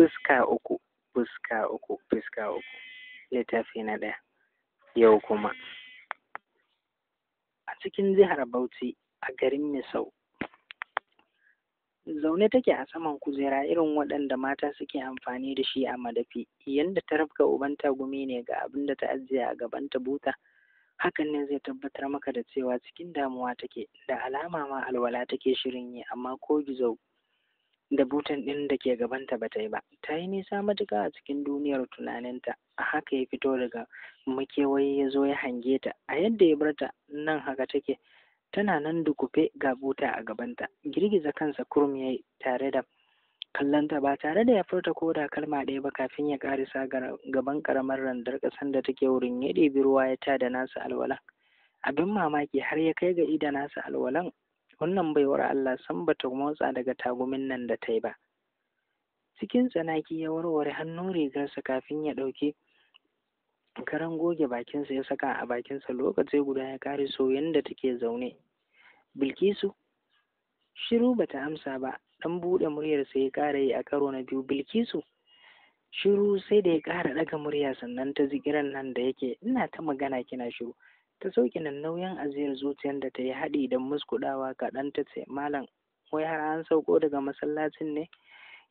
fuska uku fuska uku fuska uku littafi na ɗaya yau kuma a cikin jihar bauchi a garin misau zaune take a saman kujera irin waɗanda mata suke amfani da shi a madafi yadda ta rafka ubanta gumi ne ga abin da ta ajiye a gaban ta buta hakan ne zai tabbatar maka da cewa cikin damuwa take da alama ma alwala take shirin yi amma ko gizo da butan ɗin da ke gabanta ba ta yi ba ta yi nisa matuka a cikin duniyar tunaninta a haka ya fito daga makewayi ya zo ya hange ta a yadda ya bar ta nan haka take tana nan dukufe ga buta a gabanta girgiza kansa kurum ya yi tare da kallonta ba tare da ya furta ko da kalma ɗaya ba kafin ya karisa gaban ƙaramar randar ƙasan da take wurin ya ɗebi ruwa ya ta da nasa alwalan abin mamaki har ya kai ga ida nasa alwalan wannan baiwar Allah san ta motsa daga tagumin nan da ta yi ba cikin tsanaki ya warware hannun rigarsa kafin ya ɗauki karan goge bakinsa ya saka a bakinsa lokaci guda ya kare soyayen da take zaune bilkisu shiru bata amsa ba ɗan buɗe muryarsa ya ƙara yi a karo na biyu bilkisu shiru sai da ya ƙara ɗaga murya sannan ta ji nan da yake ina ta magana kina shiru ta sauke nan nauyin aziyar zuciyar da ta yi haɗi da muskudawa kaɗan ta ce malam wai har an sauko daga masallacin ne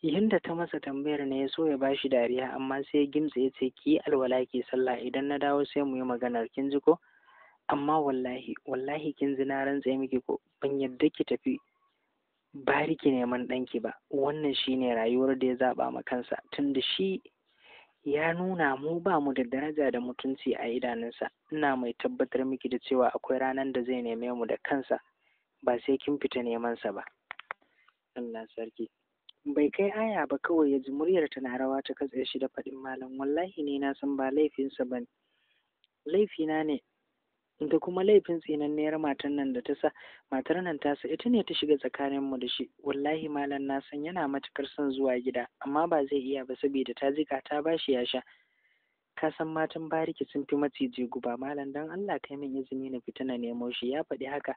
yadda ta masa tambayar ne ya so ya bashi dariya amma sai ya gimtse ya ce ki alwala ki sallah idan na dawo sai mu yi maganar kin ji ko amma wallahi wallahi kin ji na rantse miki ko ban yadda ki tafi bariki neman ɗanki ba wannan shine rayuwar da ya zaɓa ma kansa tunda shi ya nuna mu ba mu da daraja da mutunci a idanunsa ina mai tabbatar miki da cewa akwai ranar da zai neme mu da kansa ba sai kin fita sa ba Allah sarki bai kai aya ba kawai ya ji muryar tana rawa ta katse shi da faɗin malam wallahi ne na san ba laifinsa ba laifina ne da kuma laifin tsinanniyar matar nan da ta sa matar nan ta sa ita ne ta shiga tsakanin mu da shi wallahi malam na san yana matukar son zuwa gida amma ba zai iya ba saboda ta jika ta bashi ya sha ka san matan bariki sun fi maciji guba malam dan Allah kai min izini na fita na nemo shi ya faɗi haka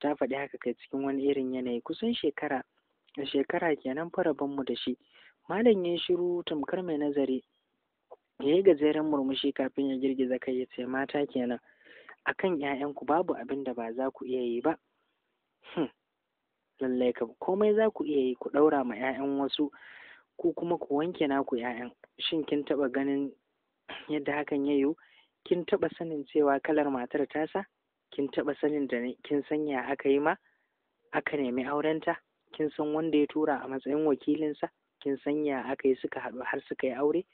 ta faɗi haka kai cikin wani irin yanayi kusan shekara shekara kenan farabon mu da shi malam ya shiru tamkar mai nazari ya yi gajeren murmushi kafin ya girgiza kai ya ce mata kenan akan ‘ya'yanku babu abin da ba za ku iya yi ba hmm. lallai kam komai za ku iya yi ku ɗaura ma ‘ya'yan wasu ko kuma ku wanke naku ‘ya'yan shin kin taɓa ganin yadda hakan ya yiwu kin taɓa sanin cewa kalar matar tasa kin taɓa sanin da kin sanya aka yi ma aka nemi aurenta kin san wanda ya tura a matsayin wakilinsa kin sanya aka yi suka haɗu har suka yi aure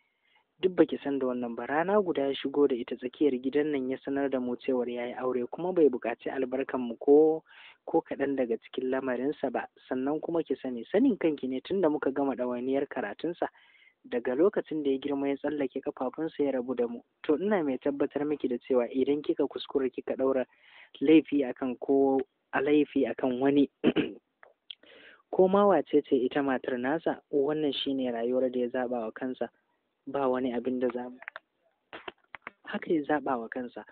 duk baki san da wannan ba rana guda ya shigo da ita tsakiyar gidan nan ya sanar da mu cewar yayi aure kuma bai buƙaci albarkan mu ko ko kaɗan daga cikin lamarinsa ba sannan kuma ki sani sanin kanki ne tunda muka gama ɗawainiyar karatunsa daga lokacin da ya girma ya tsallake kafafunsa ya rabu da mu to ina mai tabbatar miki da cewa idan kika kuskura kika ɗaura laifi akan ko a laifi akan wani ko ma wace ce ita matar nasa wannan shine rayuwar da ya zaɓa wa kansa ba wani abin da za mu haka ya zaɓa wa kansa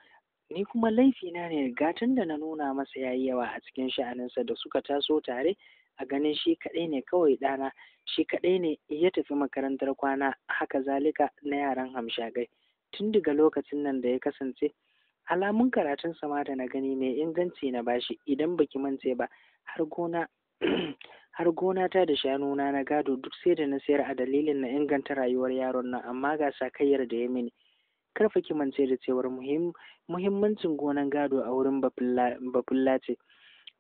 ni kuma laifina ne tun da na nuna masa yayi yawa a cikin sha'aninsa da suka taso tare a ganin shi kaɗai ne kawai ɗana shi kaɗai ne ya tafi makarantar kwana haka zalika na yaran hamshagai tun daga lokacin nan da ya kasance alamun karatun sama da na gani mai inganci na bashi idan baki mance ba har gona har gona ta da shanuna na gado duk sai da na sayar a dalilin na inganta rayuwar yaron nan amma ga sakayyar da ya mini karfa ki mance da cewar muhimmancin gonan gado a wurin bafulla ce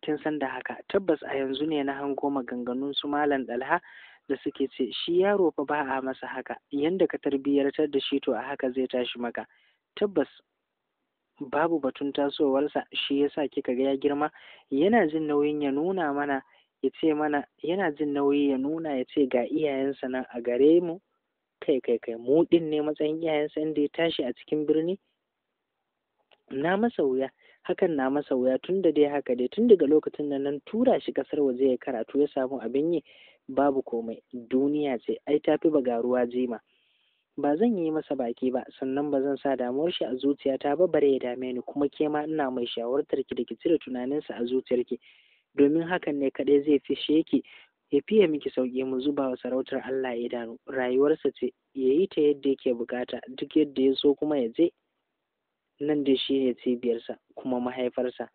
kin san da haka tabbas a yanzu ne na hango maganganun su malam dalha da suke ce shi yaro fa ba a masa haka yanda ka tarbiyyartar da shi to a haka zai tashi maka tabbas babu batun tasowarsa shi yasa kika ga ya girma yana jin nauyin ya nuna mana ya ce mana yana jin nauyi ya nuna ya ce ga iyayensa nan a gare mu kai kai kai mu din ne matsayin iyayensa inda ya tashi a cikin birni na masa wuya hakan na masa wuya tun da dai haka dai tun daga lokacin da nan tura shi kasar waje ya karatu ya samu abin yi babu komai duniya ce ai tafi ruwa jima ba zan yi masa baki ba sannan ba zan sa damuwar shi a zuciyata ba bare ya dame ni kuma ke ma ina mai shawartar ki da ki cire tunaninsa a zuciyarki domin hakan ne kaɗai zai fishe ki ya fiye miki sauƙi mu zuba wa sarautar Allah idanu rayuwarsa ce ya yi ta yadda yake bukata duk yadda ya so kuma ya je nan da shi ne cibiyarsa kuma mahaifarsa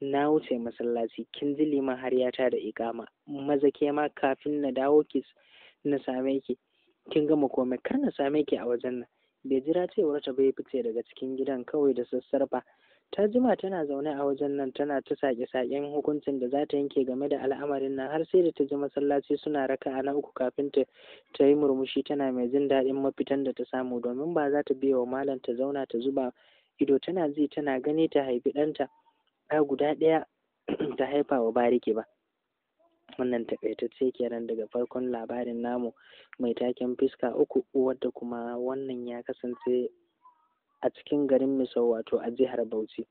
na wuce masallaci kin ji liman har ya ta da ikama maza ke ma kafin na dawo ki na same ki kin gama komai kar na same ki a wajen nan bai jira cewar ta bai fice daga cikin gidan kawai da sassarfa ta jima tana zaune a wajen nan tana ta sake-saken hukuncin da za ta yanke game da al'amarin nan har sai da ta ji masallaci suna raka a na uku kafin ta ta yi murmushi tana mai jin daɗin mafitan da ta samu domin ba za ta biya wa malam ta zauna ta zuba ido tana ji tana gani ta haifi ɗanta ɗa guda ɗaya ta haifa wa bariki ba wannan takaitacce kenan daga farkon labarin namu mai taken fuska uku wadda kuma wannan ya kasance a cikin garin Misau wato a jihar Bauchi.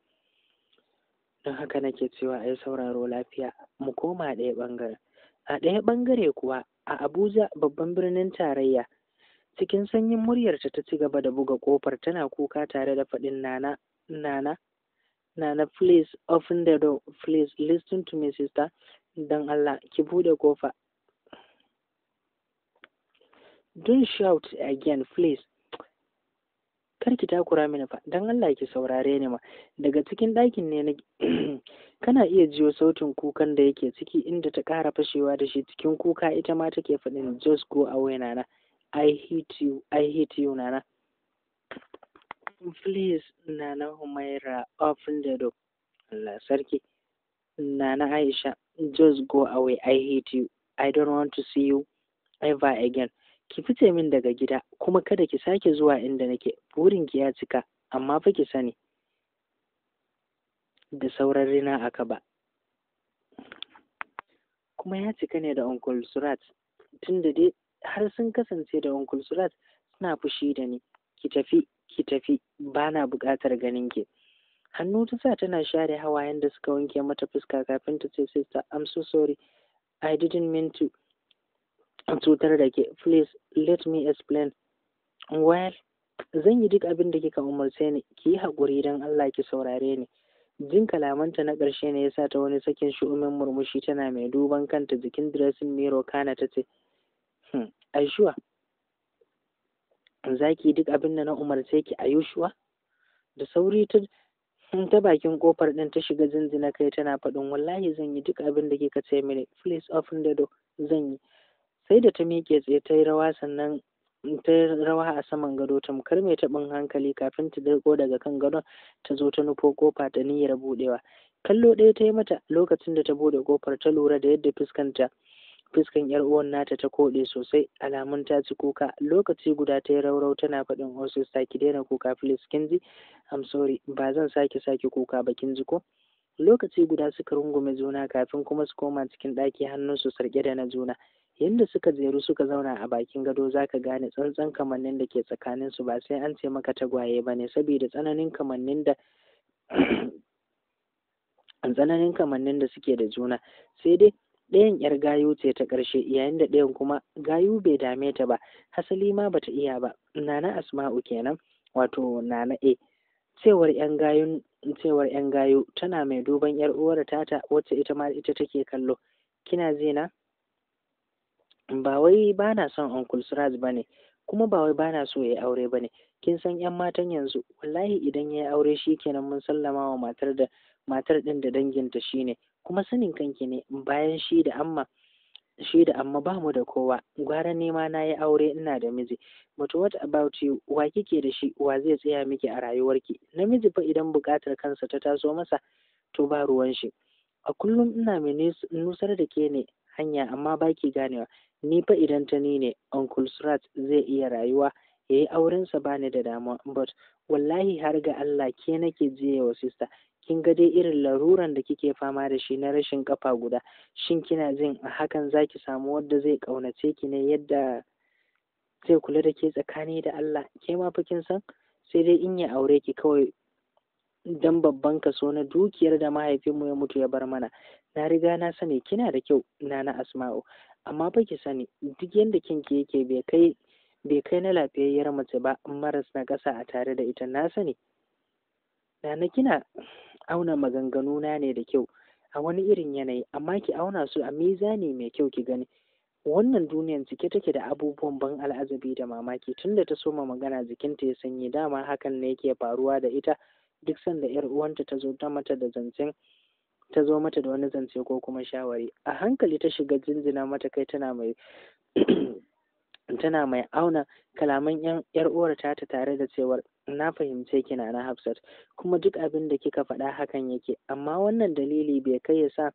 Don haka nake cewa a sauraro lafiya mu koma ɗaya ɓangaren. A ɗaya ɓangare kuwa a Abuja babban birnin tarayya cikin sanyin muryarta ta ci gaba da buga ƙofar tana kuka tare da faɗin nana nana nana please open the door please listen to me sister don Allah ki bude kofa Don shout again please kar ki takura mini fa don Allah ki saurare ni ma daga cikin ɗakin ne na kana iya jiyo sautin kukan da yake ciki inda ta ƙara fashewa da shi cikin kuka ita ma take faɗin just go away nana I hate you I hate you nana please nana Humaira open the door Allah sarki nana Aisha just go away I hate you I don't want to see you ever again ki fice min daga gida kuma kada ki sake zuwa inda nake burin ki ya cika amma fa ki sani da sauran rina aka ba kuma ya cika ne da uncle surat tunda dai har sun kasance da uncle surat suna fushi da ni ki tafi ki tafi bana buƙatar ganin ki hannu ta sa tana share hawayen da suka wanke mata fuska kafin ta ce sister i'm so sorry i didn't mean to cutar da ke please let me explain well zan yi duk abin da kika umarce ni ki yi haƙuri don Allah ki saurare ni jin kalamanta na ƙarshe ne ya sa ta wani sakin shu'umin murmushi tana mai duban kanta jikin dressing mirror kana ta ce hmm aishuwa za ki duk abin da na umarce ki ayushuwa da sauri ta ta bakin kofar ɗin ta shiga jinjina kai tana faɗin wallahi zan yi duk abin da kika ce mini please open the door zan yi sai da ta miƙe tsaye ta yi rawa sannan ta rawa a saman gado tamkar mai taɓin hankali kafin ta dirko daga kan gadon ta zo ta nufo kofa ta niyyar buɗewa kallo ɗaya ta yi mata lokacin da ta buɗe kofar ta lura da yadda fuskanta fuskan yar uwan nata ta koɗe sosai alamun ta ci kuka lokaci guda ta yi raurau tana faɗin oh saki daina kuka please kin ji i'm sorry ba zan sake sake kuka ba kin ko lokaci guda suka rungume juna kafin kuma su koma cikin ɗaki hannun su sarƙe da na juna yanda suka zeru suka zauna a bakin gado zaka gane tsantsan kamannin da ke tsakanin su ba sai an ce maka tagwaye bane saboda tsananin kamannin da tsananin kamannin da suke da juna sai dai ɗayan yar gayu ce ta ƙarshe yayin da ɗayan kuma gayu bai dame ta ba hasali ma bata iya ba nana asma'u kenan wato nana e cewar yan gayun cewar yan gayu tana mai duban yar uwar tata wacce ita ma ita take kallo kina zina ba wai ba na son uncle Siraj ba ne kuma ba wai ba na so ya yi aure ba ne kin san 'yan matan yanzu wallahi idan ya yi aure shi kenan mun sallama wa matar da matar ɗin da danginta shi ne kuma sanin kanki ne bayan shi da amma shi da amma ba mu da kowa gwara nema na yi aure ina da miji but what about you wa kike da shi wa zai tsaya miki a rayuwarki namiji fa idan buƙatar kansa ta taso masa to ba ruwan shi a kullum ina mai nusar da ke ne hanya amma baki ganewa ni fa idan ta ni ne uncle surat zai iya rayuwa yayi yi aurensa bani da damuwa but wallahi har ga Allah ke nake jiya wa sista kin ga dai irin laruran da kike fama da shi na rashin kafa guda shin kina jin a hakan zaki samu wadda zai kaunace ki ne yadda zai kula da ke tsakani da Allah ke ma fa kin san sai dai in ya aure ki kawai dan babban kaso na dukiyar da mahaifinmu ya mutu ya bar mana na riga na sani kina da kyau na asma'u amma ba ki sani duk yadda kinki yake bai kai bai kai na lafiyayyar mace ba maras na ƙasa a tare da ita na sani nana kina auna maganganu na ne da kyau a wani irin yanayi amma ki auna su a mizani mai kyau ki gani wannan duniyan cike take da abubuwan ban al'azabi da mamaki tunda ta soma magana jikinta ya sanyi dama hakan ne yake faruwa da ita duk sanda yar uwanta ta zo ta mata da zancen ta zo mata da wani zance ko kuma shawari a hankali ta shiga jinjina mata kai tana mai tana mai auna kalaman yar uwar ta tare da cewar na fahimce kina na Hafsat kuma duk abin da kika faɗa hakan yake amma wannan dalili bai kai ya sa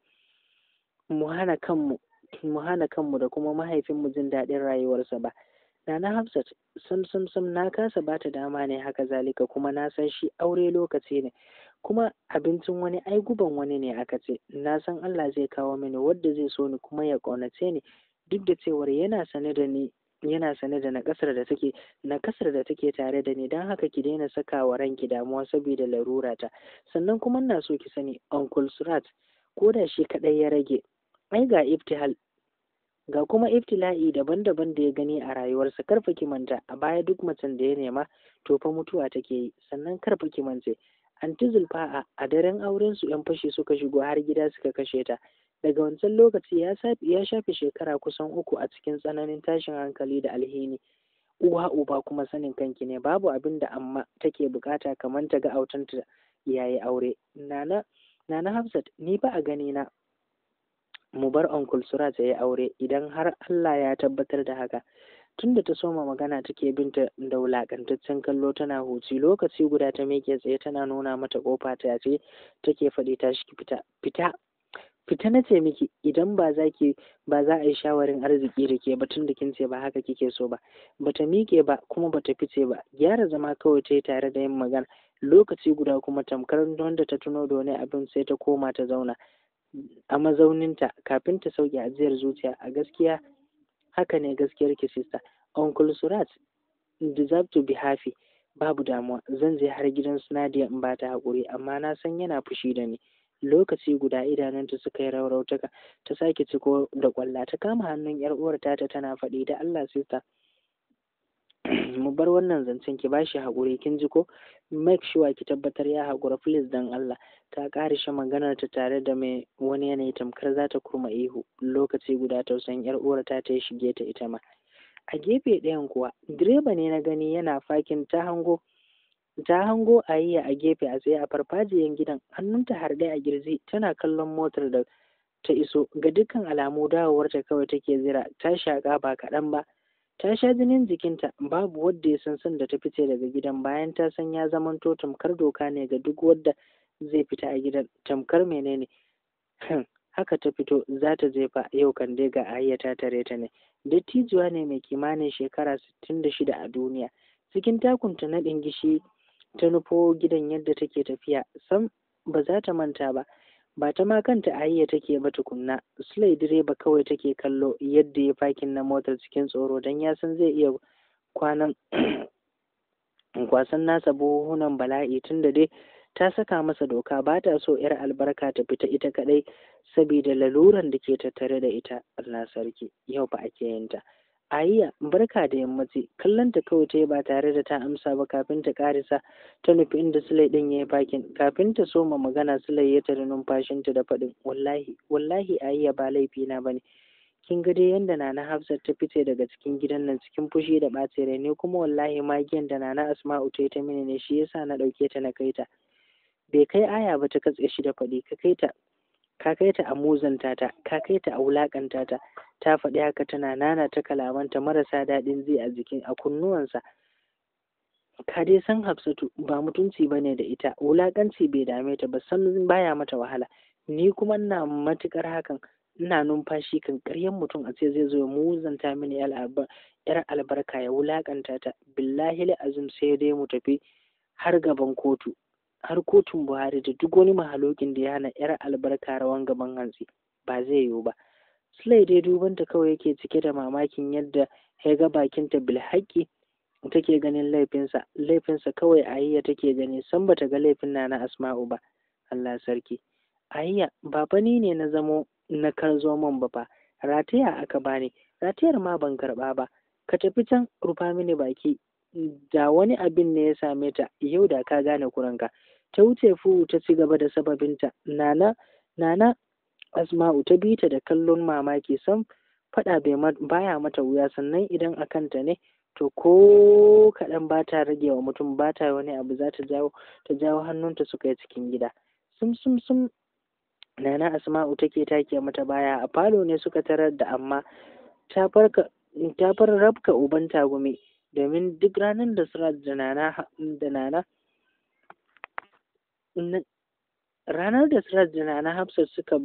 mu hana kanmu mu hana kanmu da kuma mahaifinmu jin daɗin rayuwarsa ba Nana Hafsat sam sam sam na kasa bata dama ne haka zalika kuma na san shi aure lokaci ne kuma abincin wani ai guban wani ne aka ce na san Allah zai kawo mini wadda zai so ni kuma ya ƙaunace ni duk da cewar yana sane da ni yana sane da nakasar da take nakasar da take tare da ni don haka ki daina saka wa ranki damuwa saboda larura ta sannan kuma ina so ki sani uncle surat ko da shi kadai ya rage ai ga iftihal ga kuma iftila'i daban-daban da ya gani a rayuwarsa karfa ki manta a baya duk macen da ya nema to fa mutuwa take yi sannan karfa ki mance Anti Zulfa a daren auren su ‘yan fashi suka shigo har gida suka kashe ta. Daga wancan lokaci ya shafe shekara kusan uku a cikin tsananin tashin hankali da alheri. Uwa uba kuma sanin kanki ne babu abin da amma take bukata kamar ta ga autanta yayi aure. Nana Nana Hafsat ni ba a gani na mu bar Uncle ta ya yi aure idan har Allah ya tabbatar da haka. tunda ta soma magana take binta da wulakantaccen kallo tana huci lokaci guda ta miƙe tsaye tana nuna mata kofa ta ce take faɗi ta shi fita fita fita na ce miki idan ba za ki ba za a yi shawarin arziki da ke ba tun da kin ce ba haka kike so ba bata miƙe ba kuma bata fice ba gyara zama kawai ta yi tare da yin magana lokaci guda kuma tamkar wanda ta tuno da wani abin sai ta koma ta zauna a mazauninta kafin ta sauke ajiyar zuciya a gaskiya haka ne gaskiyar ki sister uncle surat deserve to be happy babu damuwa zan je har gidan su Nadia in bata hakuri amma na san yana fushi da ni lokaci guda idanunta suka yi raurautaka ta sake ciko da kwalla ta kama hannun yar uwar tata tana faɗi da Allah sister mu bar wannan zancen ki bashi haƙuri kin ji ko make sure ki tabbatar ya haƙura please dan Allah ta ƙarishe maganar ta tare da mai wani yanayi tamkar za ta kurma ihu lokaci guda tausayin yar uwar ta ta shige ta ita ma a gefe ɗayan kuwa direba ne na gani yana fakin ta hango ta hango yi a gefe a tsaye a farfajiyan gidan hannunta harɗe a girji tana kallon motar da ta iso ga dukkan alamu dawowarta kawai take zira ta shaƙa ba kaɗan ba ta sha jinin jikinta babu wanda ya san sanda ta fice daga gidan bayan ta san ya zamanto tamkar doka ne ga duk wadda zai fita a gidan tamkar menene haka ta fito za ta jefa yau kan dai ga ayya tare ta ne dattijuwa ne mai kimanin shekara sittin da shida a duniya cikin takunta na gishi ta nufo gidan yadda take tafiya sam ba za ta manta ba ba ta ma kanta ta take ba tukunna sulai direba kawai take kallo yadda ya fakin na motar cikin tsoro don ya san zai iya kwanan kwasan nasa buhunan bala'i tun da dai ta saka masa doka ba ta so 'yar albarka ta fita ita kadai saboda laluran da ke tattare da ita Allah sarki yau ba ake yin ta Ayya barka da yammaci kallon ta kawai ta yi ba tare da ta amsa ba kafin ta karisa ta nufi inda ɗin ya yi bakin kafin ta soma magana Sulai ya tare numfashinta da faɗin wallahi wallahi Ayya ba laifi na ba ne. kin ga dai yanda Nana Hafsat ta fice daga cikin gidan nan cikin fushi da ɓacin rai ne kuma wallahi magiyan da Nana Asma'u ta yi ta mini ne shi yasa na ɗauke ta na kai ta bai kai aya ba ta katse shi da faɗi ka kai ta ka kai ta a muzanta ta ka kai ta a wulakanta ta ta faɗi haka tana nana ta kalamanta marasa daɗin zai a jikin a kunnuwansa ka dai san hafsatu ba mutunci bane da ita wulakanci bai dame ta ba san baya mata wahala ni kuma ina matukar hakan ina numfashi kan karyan mutum a ce zai zo ya muzanta mini yar albarka ya wulakanta ta billahi azum sai dai mu tafi har gaban kotu har kotun buhari da duk wani mahalokin da ya hana yar albarka rawan gaban hantsi ba zai yiwu ba sulai dai dubanta kawai yake cike da mamakin yadda ya ga ta bilhaki take ganin laifinsa laifinsa kawai Ayya take gani san bata ga laifin nana asma'u ba allah sarki ahiya Baba ni ne na zamo na karzo man ba fa rataya aka bani ratayar ma ban karɓa ba ka tafi can rufa mini baki da wani abin ne ya same ta yau da ka gane kuranka ta wuce fuhu ta ci gaba da sababinta nana nana asma'u ta bi ta da kallon mamaki sam fada bai baya mata wuya sannan idan a kanta ne to ko kaɗan ba ta rage wa mutum ba ta wani abu za ta jawo ta jawo hannunta su kai cikin gida sum sum sum nana asma'u take take mata baya a falo ne suka tarar da amma ta farka ta far rabka uban gumi domin duk ranar da surat da nana da nana ranar da Sirat da na Hafsat suka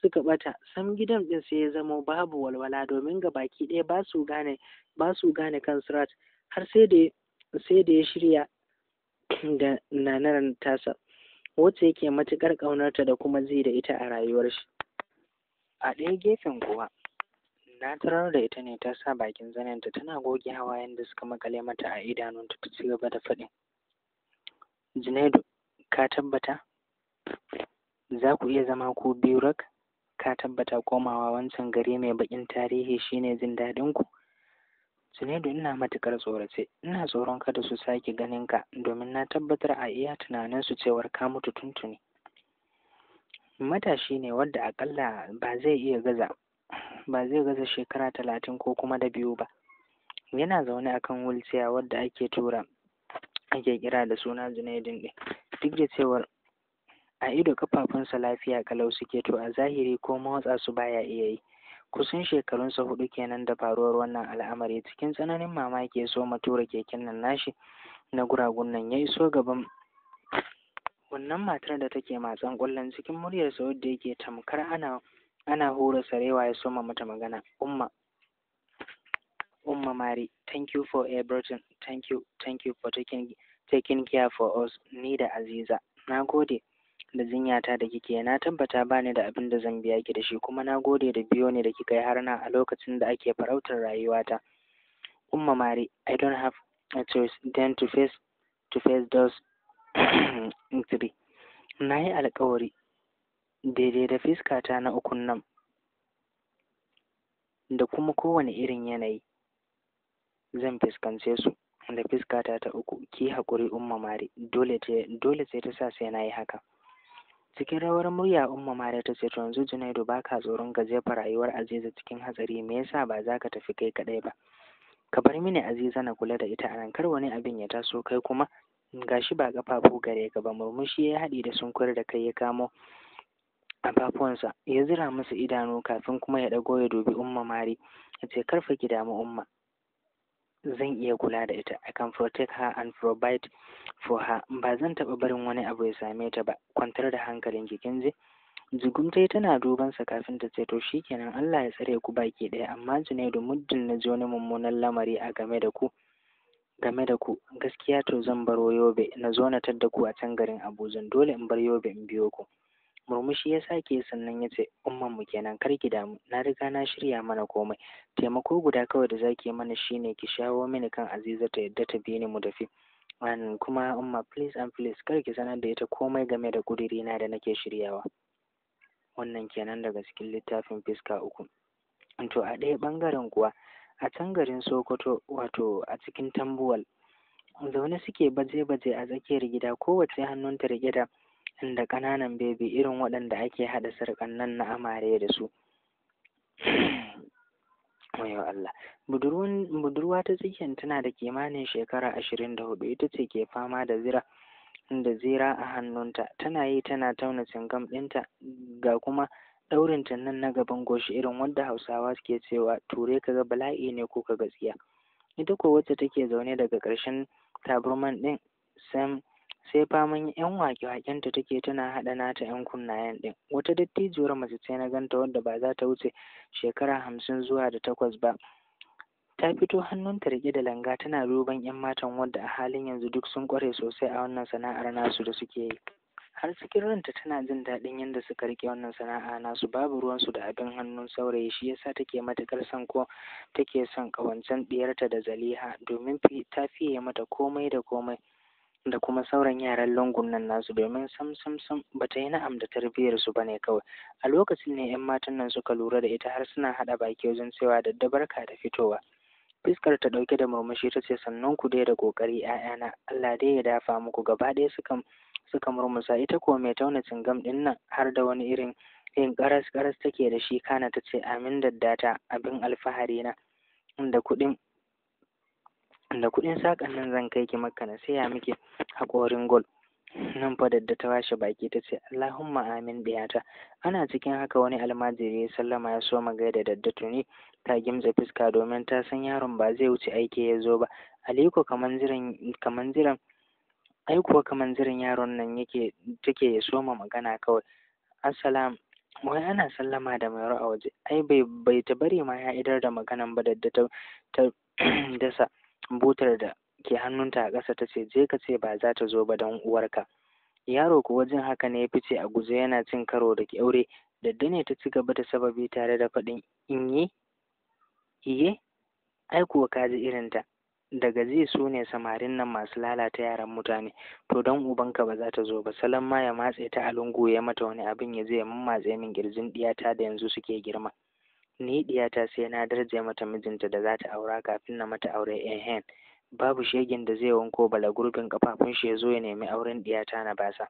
suka bata sam gidan din sai ya zama babu walwala domin ga baki ɗaya ba su gane ba su gane kan Sirat har sai da sai da ya shirya da nanar tasa wacce yake matuƙar ƙaunarta da kuma zai da ita a rayuwar shi a ɗaya gefen kuwa na tarar da ita ne ta sa bakin zanenta tana goge hawayen da suka makale mata a idanunta ta ci gaba da faɗin Junaidu ka tabbata za ku iya zama ku biyu rak ka tabbata komawa wancan gari mai baƙin tarihi shine jin daɗin ku Junaidu ina matuƙar tsorace ina tsoron kada su sake ganin ka domin na tabbatar a iya tunanin su cewar ka mutu tuntuni matashi ne wadda akalla ba zai iya gaza ba zai gaza shekara talatin ko kuma da biyu ba yana zaune akan wulciya wadda ake tura ake kira da suna Junaidin ɗin duk da cewar a ido kafafunsa lafiya kalau suke to a zahiri ko motsa su baya iya yi kusan shekarunsa hudu kenan da faruwar wannan al'amari cikin tsananin mamaki ya so tura keken nan nashi na guragun nan ya iso gaban wannan matar da take matsan kullum cikin muryarsa wadda yake tamkar ana ana hura sarewa ya soma mata magana umma umma mari thank you for everything thank you thank you for taking taking care for us ni da Aziza. Na gode da jinyata da kike na tabbata ba ni da abin da zan biya ki da shi kuma na gode da biyo ne da kika yi har na a lokacin da ake farautar rayuwata. Umma Mari, I don't have a choice then to face to face those three. Na yi alkawari daidai da fiskata na ukun nan da kuma kowane irin yanayi zan fuskance su da fuskata ta uku ki haƙuri umma mare dole sai ta sa sai na yi haka cikin rawar murya umma mare ta ce to yanzu junaidu ba ka tsoron ka rayuwar aziza cikin hatsari me yasa ba za ka tafi kai kaɗai ba ka bar mini aziza na kula da ita a nan kar wani abin ya taso kai kuma gashi ba kafafu gare ka ba murmushi ya haɗi da sunkuyar da kai ya kamo kafafuwansa ya zira musu idanu kafin kuma ya ɗago ya dubi umma mari ya ce karfa ki damu umma zan iya kula da ita I can protect her and provide for her ba zan taɓa barin wani abu ya same ta ba kwantar da hankalin ki kin ji tana duban sa kafin ta ce to shikenan Allah ya tsare ku baki ɗaya amma Junaidu muddin na ji wani mummunan lamari a game da ku game da ku gaskiya to zan baro Yobe na zo na tadda ku a can garin Abuja dole in bar Yobe in biyo ku murmushi ya sake sannan ya ce umman mu kenan kar ki damu na riga na shirya mana komai taimako guda kawai da zaki mana shine ki shawo mini kan aziza ta yadda ta bi ni mu tafi an kuma umma please and please kar ki sanar da ita komai game da na da nake shiryawa wannan kenan daga cikin littafin fiska uku to a ɗaya bangaren kuwa a can garin sokoto wato a cikin tambuwal zaune suke baje-baje a tsakiyar gida kowace hannun ta da da ƙananan bebi irin waɗanda ake haɗa sarƙan nan na amare da su Allah budurwa ta tsikin tana da kimanin shekara ashirin da hudu ita ce ke fama da zira da zira a hannunta tana yi tana tauna singam ɗinta ga kuma ɗaurinta nan na gaban goshi irin wanda hausawa ke cewa ture kaga bala'i ne ko kaga tsiya ita ko wacce take zaune daga ƙarshen taburman ɗin sam sai faman yan wake wakenta ta take tana haɗa nata yan kunnayen ɗin wata dattijuwar mace ce na ganta wadda ba za ta wuce shekara hamsin zuwa da takwas ba ta fito hannunta riƙe da langa tana duban yan matan wanda a halin yanzu duk sun ƙware sosai a wannan sana'ar nasu da suke yi har cikin ranta tana jin daɗin yadda suka riƙe wannan sana'a nasu babu ruwansu da abin hannun saurayi shi yasa take matuƙar son ko take son ƙawancen ɗiyarta da zaliha domin ta fiye mata komai da komai da kuma sauran yaran lungun nan nasu domin sam sam sam bata yi na'am da tarbiyyar su ne kawai a lokacin ne yan matan nan suka lura da ita har suna haɗa baki wajen cewa da barka da fitowa Fiskar ta ɗauke da murmushi ta ce sannan ku dai da kokari 'ya'yana Allah dai ya dafa muku gaba ɗaya suka suka murmusa ita ko mai tauna cingam ɗin nan har da wani irin yin karas karas take da shi kana ta ce amin daddata abin alfahari na da kuɗin da kuɗin saƙan nan zan kai ki makka na saya miki haƙorin gol nan fa dadda ta washe baki ta ce Allahumma amin ɗiyata ana cikin haka wani almajiri ya sallama ya soma da dadda tuni ta gimtsa fuska domin ta san yaron ba zai wuce aiki ya zo ba aliko kaman jiran kaman jiran ai kaman jiran yaron nan yake take ya soma magana kawai assalam wai ana sallama da mai a waje ai bai bai ta bari ma ya idar da maganan ba dadda ta dasa butar da ke hannunta a ƙasa ta ce je ka ce ba za ta zo ba don uwarka yaro kuwa jin haka ne ya fice a guje yana cin karo da ƙyaure, dadda ne ta ci gaba da sababi tare da faɗin inye iye ai kuwa ka ji irinta daga ji su ne samarin nan masu lalata yaran mutane to don ubanka ba za ta zo ba salon ma ya matse ta a lungu ya mata wani abin ya je ya mammatse min kirjin ɗiyata da yanzu suke girma ni diyata sai na darje mata mijinta da za ta aura kafin na mata aure ehen babu shegin da zai wanko bala gurbin kafafun shi ya zo ya nemi auren diyata na basa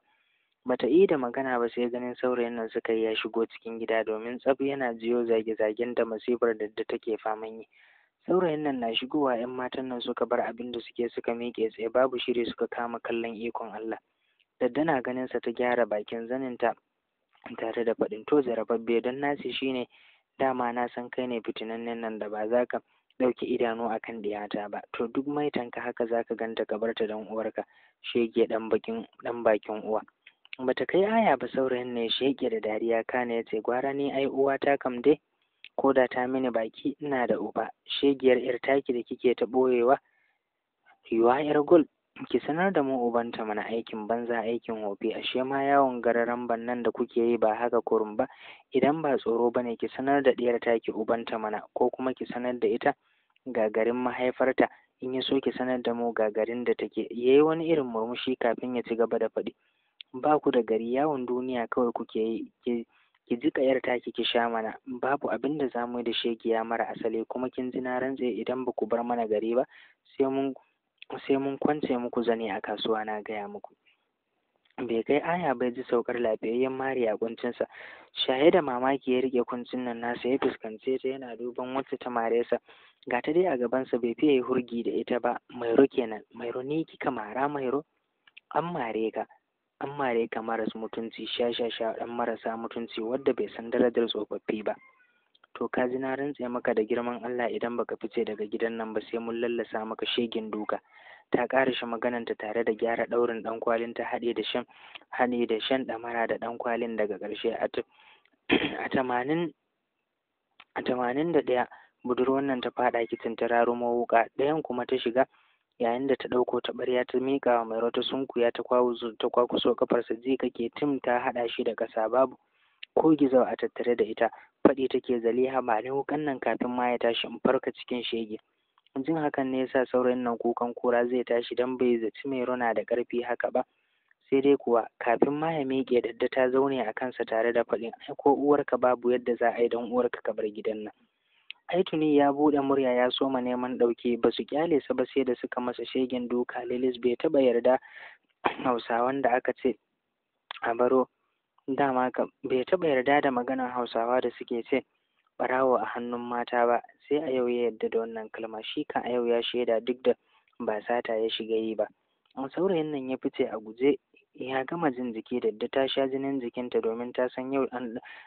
bata yi da magana ba sai ganin saurayin nan suka yi ya shigo cikin gida domin tsab yana jiyo zage-zagen da masifar da da take faman yi saurayin nan na shigowa 'yan matan nan suka bar abin da suke suka miƙe tsaye babu shiri suka kama kallon ikon Allah Dadda na ganin sa ta gyara bakin zaninta tare da faɗin to zarababbe don nasi shine dama na san kai ne fitinannen nan da ba za ka ɗauki idanu a kan ɗiyata ba to duk maitanka haka za ka ganta ka barta dan uwarka shege ɗan bakin uwa bata kai aya ba saurayin ne sheke da dariya kana yace gwara ni ai uwa ta kam dai ko da ta mini baki ina da uba shegiyar yar taki da kike ta ɓoyewa yuwa yar gul ki sanar da mu ubanta mana aikin banza aikin hofi ashe ma yawon ban nan da kuke yi ba haka kurum ba idan ba tsoro bane ki sanar da ɗiyar taki ubanta mana ko kuma ki sanar da ita gagarin mahaifarta in ya so ki sanar da mu gagarin da take yayi wani irin murmushi kafin ya ci gaba da faɗi ba ku da gari yawon duniya kawai kuke yi ki ji yar taki ki sha mana babu abin da zamu yi da shegiya mara asali kuma kin ji na rantse idan ba ku bar mana gari ba sai mun sai mun kwance muku zane a kasuwa na gaya muku bai kai aya bai ji saukar lafiyayyen mari a kuncinsa shaye da mamaki ya rike kuncin nan nasa ya fuskance ta yana duban wacce ta maresa ga ta dai a gabansa bai fiye hurgi da ita ba mairo kenan mairo ni kika mara mairo an mare ka an mare ka maras mutunci sha sha sha dan marasa mutunci wadda bai san darajar tsofaffi ba to ka ji na rantse maka da girman Allah idan baka fice daga gidan nan ba sai mun lallasa maka shegin duka ta ƙarashe magananta tare da gyara ɗaurin ɗan kwalin ta haɗe da shan hane da shan damara da ɗan kwalin daga ƙarshe a tamanin a tamanin da ɗaya budurwar nan ta faɗa kicin ta rarumo wuƙa ɗayan kuma ta shiga yayin da ta ɗauko taɓarya ta miƙa wa mai rata sunkuya ta ta kwakuso ƙafarsa ji kake tim ta haɗa shi da kasa babu ko gizo a tattare da ita faɗi take zaliha ba dai wukan nan kafin ma ya tashi in farka cikin shege jin hakan ne yasa saurayin nan kukan kura zai tashi dan bai zaci mai runa da ƙarfi haka ba sai dai kuwa kafin ma ya miƙe dadda ta zaune a kansa tare da faɗin ai ko uwarka babu yadda za a yi dan uwarka ka bar gidan nan ai tuni ya buɗe murya ya soma neman ɗauke ba su kyale sa ba sai da suka masa shegen duka lilis bai taɓa yarda hausawan da aka ce a baro dama kam bai taɓa yarda da maganar hausawa da suke ce ɓarawo a hannun mata ba sai a yau ya yarda da wannan kalma shi kan a yau ya shaida duk da ba sata ya shiga yi ba an saurayin nan ya fice a guje ya gama jin jiki da ta sha jinin jikinta domin ta san yau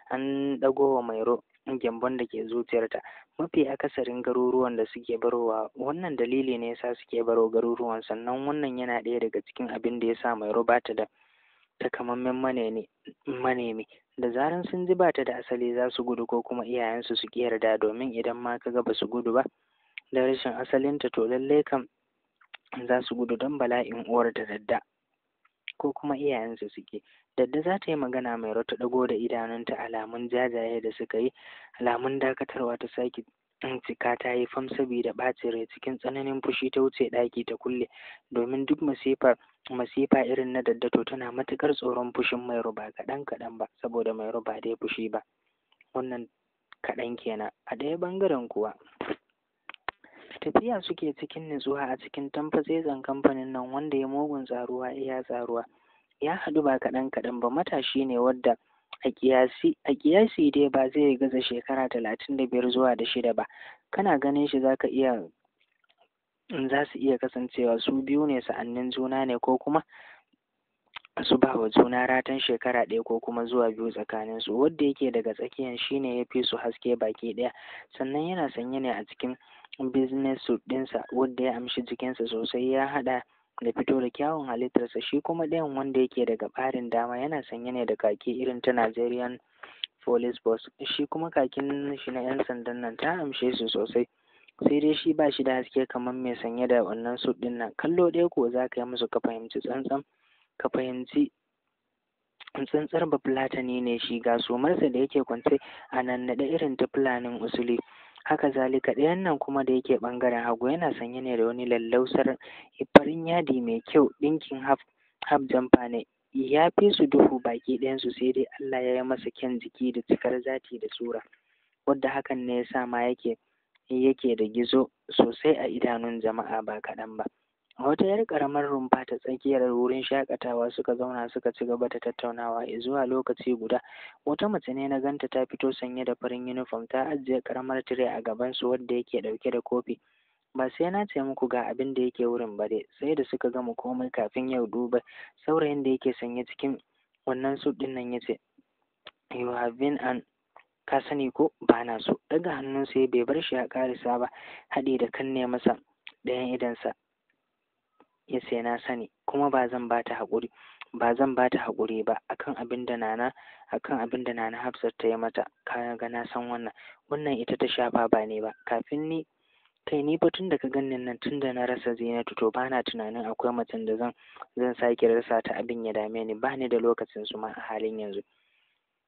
an ɗago wa mairo gyambon da ke zuciyarta mafi akasarin garuruwan da suke barowa wannan dalili ne yasa suke baro garuruwan sannan wannan yana ɗaya daga cikin abin da yasa mairo ba ta da takamammen manemi manemi da zaran sun ji ba ta da asali za su gudu ko kuma iyayensu su ki yarda domin idan ma kaga ba su gudu ba da rashin asalinta to lallai kam za su gudu don bala'in uwar da dadda ko kuma iyayensu suke dadda za ta yi magana mai rata dago da idanunta alamun jajaye da suka yi alamun dakatarwa ta sake cika ta yi fam saboda ɓacin rai cikin tsananin fushi ta wuce ɗaki ta kulle domin duk masifar masifa irin na daddato tana matuƙar tsoron fushin mai ruba kaɗan kaɗan ba saboda mai ruba dai fushi ba wannan kaɗan kenan a ɗaya ɓangaren kuwa tafiya suke cikin nutsuwa a cikin tamfatsetsen kamfanin nan wanda ya mugun tsaruwa iya tsaruwa ya haɗu ba kaɗan kaɗan ba matashi ne wadda a kiyasi dai ba zai gaza shekara talatin da biyar zuwa da shida ba kana ganin shi zaka iya za su iya kasancewa su biyu ne sa'annin juna ne ko kuma su ba wa juna ratan shekara ɗaya ko kuma zuwa biyu tsakanin su wanda yake daga tsakiyan shine ya fi su haske baki ɗaya sannan yana sanye ne a cikin business suit ɗinsa wanda ya amshi jikinsa sosai ya haɗa da fito da kyawun halittarsa shi kuma ɗayan wanda yake daga ɓarin dama yana sanye ne da kaki irin ta Nigerian police Boss. shi kuma kakin shi na 'yan sandan nan ta amshe su sosai sai dai shi ba shi da haske kamar mai sanye da wannan su ɗin nan kallo ɗaya ko za ka yi musu ka fahimci tsantsan ka fahimci tsantsar bafulatani ne shi ga sumarsa da yake kwance a nannaɗe irin ta fulanin usuli haka zalika ɗayan nan kuma da yake ɓangaren hagu yana sanye ne da wani lallausar farin yadi mai kyau ɗinkin haf haf jamfa ne ya fi su duhu baki ɗayansu sai dai Allah ya yi masa kyan jiki da cikar zati da tsura wadda hakan ne ya sa ma yake da gizo sosai a idanun jama'a ba kaɗan ba A wata 'yar ƙaramar rumfa ta tsakiyar wurin shaƙatawa suka zauna suka ci gaba da tattaunawa izuwa lokaci guda. Wata mace ne na ganta ta fito sanye da farin yunifom ta ajiye ƙaramar tire a gabansu wadda yake ɗauke da kofi. Ba sai na ce muku ga abin da yake wurin ba dai, sai da suka gama komai kafin yau duba saurayin da yake sanye cikin wannan su ɗin nan ya ce, You have been an ka sani ko ba na so, daga hannunsa bai bar shi ya ƙarisa ba, haɗi da kanne masa ɗayan idonsa ya sai na sani kuma ba zan bata haƙuri ba zan bata haƙuri ba akan abin da nana akan abin da nana Hafsat ta yi mata ka ga na san wannan wannan ita ta shafa ba ne ba kafin ni kai ni fa tun da ka gannin nan tun da na rasa Zinatu to ba na tunanin akwai mutum da zan zan sake rasa ta abin ya dame ni ba ni da lokacin su ma a halin yanzu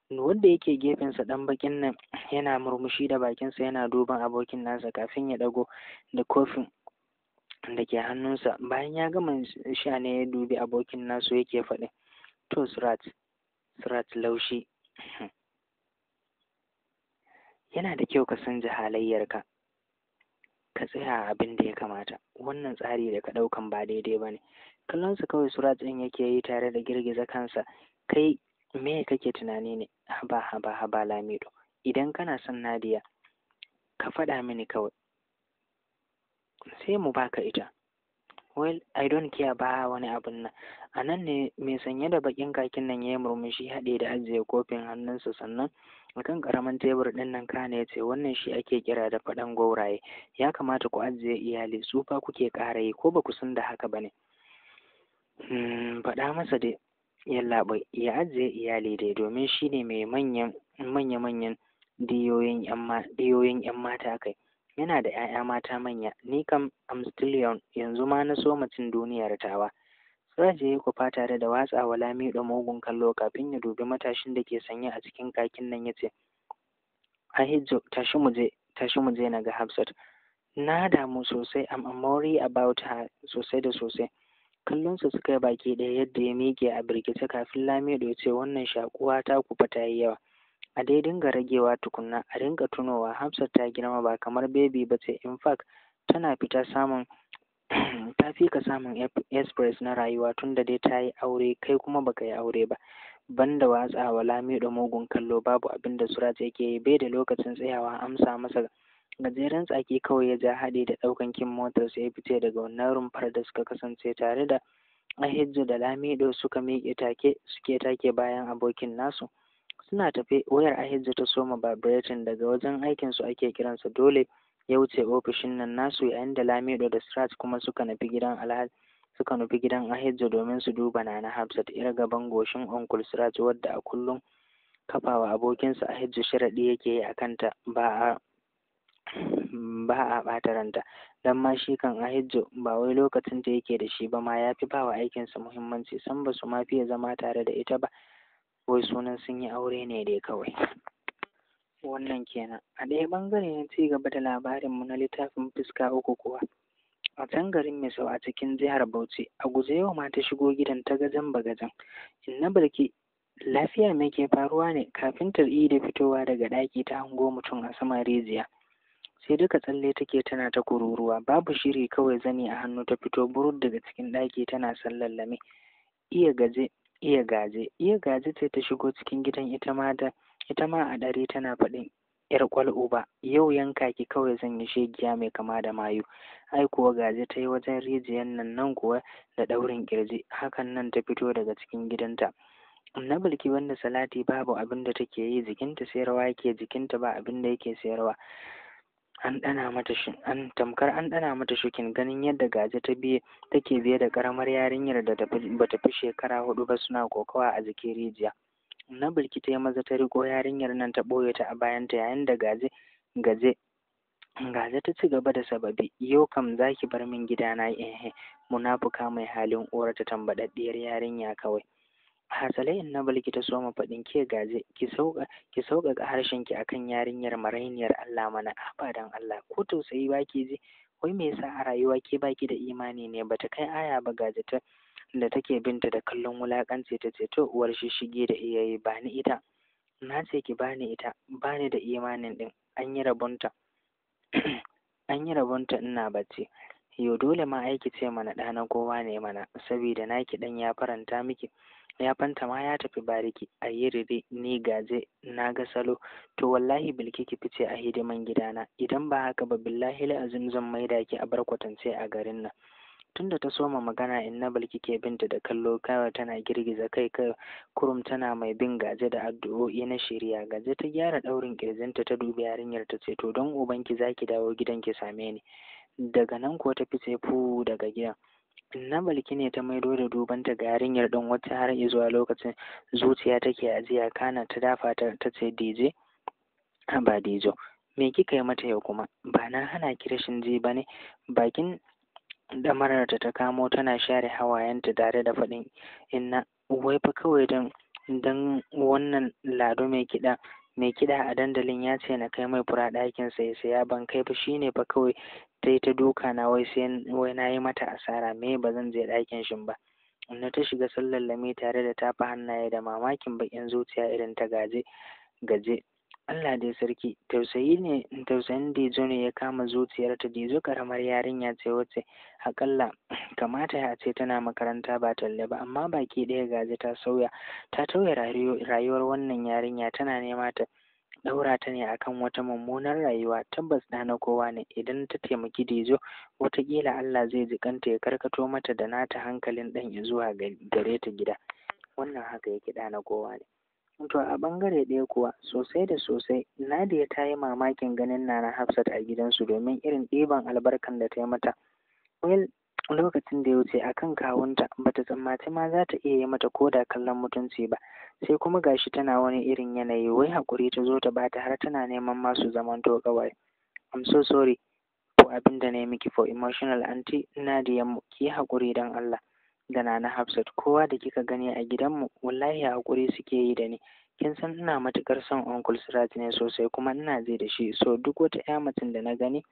wanda yake gefensa dan bakin nan yana murmushi da bakinsa yana duban abokin nasa kafin ya dago da kofin da ke hannunsa bayan ya gama sha ne ya dubi abokin nasu yake faɗi to surat surat laushi yana da kyau ka san halayyarka ka tsaya a abin da ya kamata wannan tsari da ka ɗaukan ba daidai ba ne kallonsa kawai surat ɗin yake yi tare da girgiza kansa kai me kake tunani ne haba haba haba lamido idan kana son nadiya ka faɗa mini kawai sai mu baka ita well i don't care ba wani abin nan a nan ne mai sanye da bakin kakin nan ya yi murmushi haɗe da ajiye kofin hannunsa sannan kan karamin tebur ɗin nan kana ya ce wannan shi ake kira da faɗan gauraye ya kamata ku ajiye iyali tsufa kuke ƙara yi ko ba ku san da haka ba ne hmm, faɗa masa da yallaɓai ya ajiye iyali dai domin shi ne mai manya-manyan diyoyin 'yan mata kai yana da 'ya'ya mata manya ni kam am yanzu ma na so mutum duniyar tawa Siraj ya yi kufa tare da watsa wa da mugun kallo kafin ya dubi matashin da ke sanye a cikin kakin nan ya ce, Ahijjo, tashi mu je, tashi mu je na ga Hafsat. Na damu sosai, am a worry about her sosai da sosai. Kallonsa suka yi baki ɗaya yadda ya miƙe a birkice kafin Lamido ya ce wannan shakuwa ta kufa ta yi yawa. a dai dinga ragewa tukunna a dinga tunowa Hafsat ta girma ba kamar baby ba ce in fact tana fita samun ta fika samun express na rayuwa tun da dai ta yi aure kai kuma baka yi aure ba banda watsa wa lamido mugun kallo babu abin da suraj yake yi bai da lokacin tsayawa amsa masa gajeren tsaki kawai ya ja haɗe da ɗaukan kin motar sai ya fice daga wannan rumfar da suka kasance tare da ahijju da lamido suka miƙe take suke take bayan abokin nasu suna tafe wayar ahijjo ta soma vibrating daga wajen aikin su ake kiransa dole ya wuce ofishin nan nasu yayin da lamido da strat kuma suka nufi gidan alhaji suka nufi gidan ahijja domin su duba nana hafsat yar gaban goshin onkul strat wadda a kullun kafawa abokinsa ahijja sharaɗi yake yi a kanta ba a ba a don ma shi kan ahijjo ba wai lokacin ta yake da shi ba ma yafi fi ba wa aikinsa muhimmanci san ba su ma fiye zama tare da ita ba wai sunan sun yi aure ne dai kawai wannan kenan a ɗaya ɓangare na ci gaba da labarinmu na littafin fuska uku kuwa a can garin misau a cikin jihar bauchi a guje yau ma ta shigo gidan ta gajan bagajan inna barki lafiya me ke faruwa ne kafin ta da fitowa daga ɗaki ta hango mutum a sama rijiya sai duka tsalle take tana ta kururuwa babu shiri kawai zani a hannu ta fito burut daga cikin ɗaki tana sallallame iya gaje iya gaje iya gaje ce ta shigo cikin gidan ita ma da ita ma a ɗare tana faɗin yar uba yau yanka ki kawai zan yi shegiya mai kama da mayu ai kuwa gaje ta yi wajen rijiyan nan nan kuwa da ɗaurin kirji hakan nan ta fito daga cikin gidanta na bilki wanda salati babu abin da take yi jikinta sayarwa yake jikinta ba abin da yake sayarwa an ɗana mata shi an tamkar an ɗana mata shukin ganin yadda gaje ta biye take biye da ƙaramar yarinyar da bata fi shekara huɗu ba suna kokawa a jikin rijiya na bulki ta maza ta riko yarinyar nan ta ɓoye ta a bayanta yayin da gaje gaje gaje ta ci gaba da sababi yau kam za ki bar min gidana eh, eh munafuka mai halin ƙorata ta tambaɗaɗɗiyar yarinya kawai in na ta soma faɗin ke gaje, ki sauƙaƙa harshen ki akan yarinyar marainiyar Allah mana abadan Allah, ko tausayi ba ki ji, wai me yasa a rayuwa ke baki da imani ne bata kai aya ba gaje ta da take binta da kallon wulaƙanci ta ce to uwar shige da iyaye ba ni ita. Na ce ki bani ita, bani da imanin ɗin, an yi rabonta. an yi rabonta ina bacci. Yo dole ma aiki ce mana ɗa na kowa ne mana, saboda naki ɗan ya faranta miki. Ya fanta ma ya tafi bariki, a riri, ni gaje na ga salo, to wallahi bilki ki fice a hidiman gidana, idan ba haka ba billahi azim zan maida ki a barkwatance a garin nan. Tunda ta soma magana na bilki ke binta da kallo kawai tana girgiza kai kurum tana mai bin gaje da addu'o'i na shirya gaje ta gyara ɗaurin ƙirjinta ta dubi yarinyar ta ce to don ubanki zaki dawo gidan ki same ni. daga nan kuwa ta fice fu daga gidan na balki ne ta maido da dubanta ga yarinyar ɗin wata har zuwa lokacin zuciya take ajiya kana ta dafa ta ta ce dije ba dijo me kika yi mata yau kuma ba na hana ki rashin ji ba ne bakin damararta ta kamo tana share hawayenta tare da faɗin inna wai fa kawai don don wannan lado mai kiɗa mai kiɗa a dandalin ya ce na kai mai fura ɗakin sa ya saya ban kai ba ne fa kawai ta ta duka na wai sai wai na yi mata asara me ba zan je ɗakin shi ba na ta shiga sallar lami tare da tafa hannaye da mamakin baƙin zuciya irin ta gaje gaje Allah dai sarki tausayi ne tausayin zo ne ya kama zuciyarta zo karamar yarinya ce wacce akalla kamata ya ce tana makaranta ba talle ba amma baki ɗaya gaji ta sauya ta tauye rayuwar wannan yarinya tana nema ta ɗaura ta ne akan wata mummunar rayuwa tabbas ɗa na kowa ne idan ta taimaki zo watakila Allah zai jikanta ya karkato mata da nata hankalin ɗan zuwa gare ta gida wannan haka yake ɗa na kowa ne To a ɓangare ɗaya kuwa sosai da sosai Nadiya ta yi mamakin ganin Nana Hafsat a gidansu domin irin ɗiban albarkan da ta yi mata. Well, lokacin da ya wuce a kan kawunta ba ta tsammaci ma za ta iya yi mata ko da kallon mutunci ba sai kuma gashi tana wani irin yanayi wai haƙuri ta zo ta bata har tana neman masu zaman zamanto ƙawaye. I'm so sorry for abin da na yi miki for emotional aunty Nadiya mu ki yi haƙuri don Allah. da Nana Hafsat kowa da kika gani a gidanmu wallahi hakuri suke yi da ni kin san ina matukar son Uncle Siraj ne sosai kuma ina ji da shi so duk wata ƴa mutum da na gani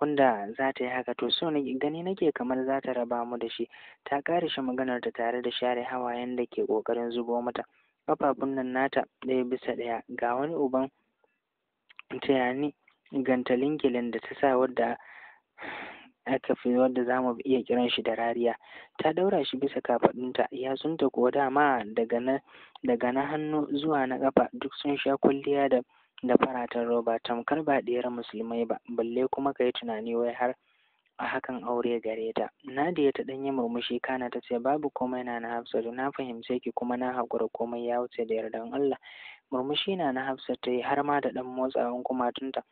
wanda za ta yi haka to so ni gani nake kamar za ta raba mu da shi ta shi maganar ta tare da share hawayen da ke kokarin zubo mata kafafun nan nata ɗaya bisa ɗaya ga wani uban tayani gantalin kilin da ta sa wadda aka fi wanda za mu iya kiran shi da rariya ta daura shi bisa kafaɗunta ya kuwa dama daga na daga na hannu zuwa na ƙafa duk sun sha kwalliya da da faratan roba tamkar ba ɗiyar musulmai ba balle kuma ka yi tunani wai har a hakan aure gare ta nadiya ta ɗanyi murmushi kana ta ce babu komai na na hafsatu na fahimce ki kuma na haƙura komai ya wuce da yardan allah murmushi na na Hafsa ta yi har ma da ɗan motsawan kumatunta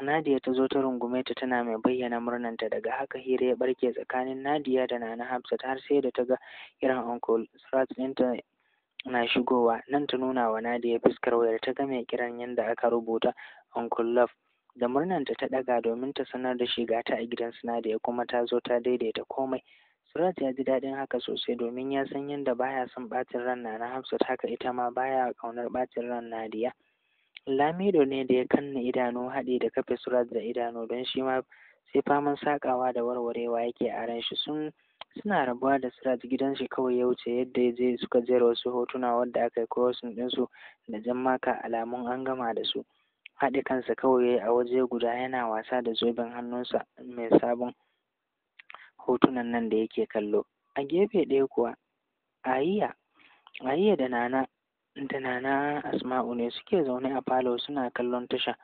Nadiya ta zo ta rungume ta tana mai bayyana murnanta, daga haka hira ya barke tsakanin Nadiya da Nana Hafsat har sai da ta ga irin Uncle Sirat ɗinta na shigowa nan ta nuna wa Nadiya fuskar wayar ta ga mai kiran yadda aka rubuta Uncle Love da murnanta ta ɗaga domin ta sanar da shi gata a gidan su Nadiya kuma ta zo ta daidaita komai. Sirat ya ji daɗin haka sosai domin ya san yadda baya son ɓacin ran Nana Hafsat haka ita ma baya ƙaunar ɓacin ran Nadiya. lamido ne da ya kanna idanu haɗi da kafe surat da idanu don shi ma sai faman sakawa da warwarewa yake a ran shi sun suna rabuwa da surat gidan shi kawai ya wuce yadda ya je suka jera wasu hotuna wadda aka yi crossing ɗinsu da jan maka alamun an gama da su haɗe kansa kawai yayi a waje guda yana wasa da zoben hannunsa mai sabon hotunan nan da yake kallo a gefe ɗaya kuwa ayiya ayiya da nana da Nana Asma'u ne suke zaune a falo suna kallon tasha.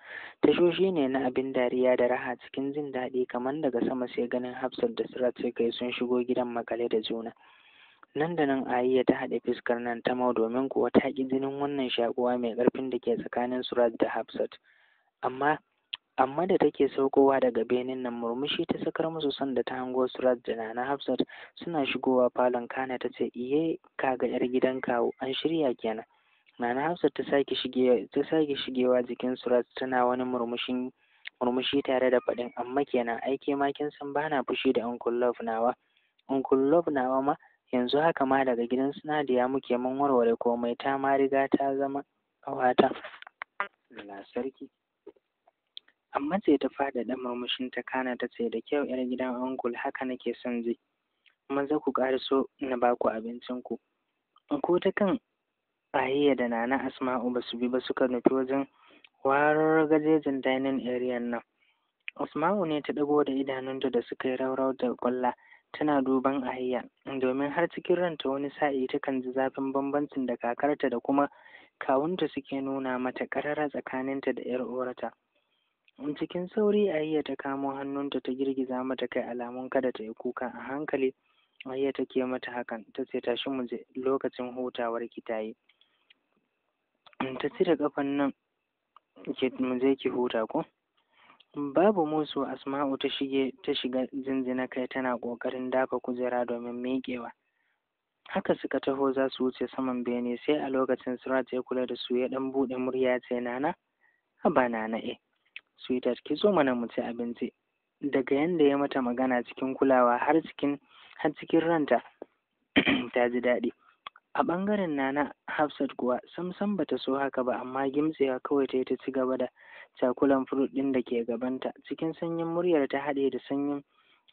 Tashoshi ne na abin dariya da raha cikin jin daɗi kamar daga sama sai ganin Hafsat da Sirat sai kai sun shigo gidan makale da juna. Nan da nan Ayya ta haɗe fuskar nan ta mau domin kuwa ta ƙi jinin wannan shakuwa mai ƙarfin da ke tsakanin Surat da Hafsat. Amma amma da take saukowa daga benin nan murmushi ta sakar musu sanda ta hango surat da nana hafsat suna shigowa falon kana ta ce iye ga yar gidan kawo an shirya kenan Nana Hafsat ta sake shige ta sake shigewa jikin Surat tana wani murmushin murmushi tare da faɗin amma kenan ai ke ma kin san bana fushi da Uncle Love nawa Uncle Love nawa ma yanzu haka ma daga gidan sinadiya muke mun warware komai ta ma riga ta zama ƙawata Na sarki amma sai ta faɗaɗa murmushin ta kana ta ce da kyau yar gidan Uncle haka nake son ji maza ku so na baku abincin ku ko ta kan Bahiyya da Nana Asma'u ba su bi ba suka nufi wajen warar gajejin dining area nan. Asma'u ne ta ɗago da idanunta da suka yi raurau da kwalla tana duban ahiya domin har cikin ranta wani sa'i takan ji zafin bambancin da kakarta da kuma kawunta suke nuna mata ƙarara tsakaninta da ‘yar uwarta. Cikin sauri ahiya ta kamo hannunta ta girgiza mata kai alamun kada ta yi kuka a hankali. ta take mata hakan ta ce tashi mu je lokacin hutawar ki ta yi. ta cire ƙafan nan mu je ki huta ko babu musu asma'u ta shige ta shiga jinjina kai tana ƙoƙarin dafa kujera domin miƙewa haka suka taho za su wuce saman bene sai a lokacin surat ya kula da su ya ɗan buɗe murya ce nana haba nana e sweetheart ki zo mana mu ci abinci daga yanda ya mata magana cikin kulawa har cikin har cikin ranta ta ji daɗi A ɓangaren Nana Hafsat kuwa samsam bata so haka ba amma gimtsewa kawai ta yi ta ci gaba da cakulan furut ɗin da ke gabanta cikin sanyin muryar ta haɗe da sanyin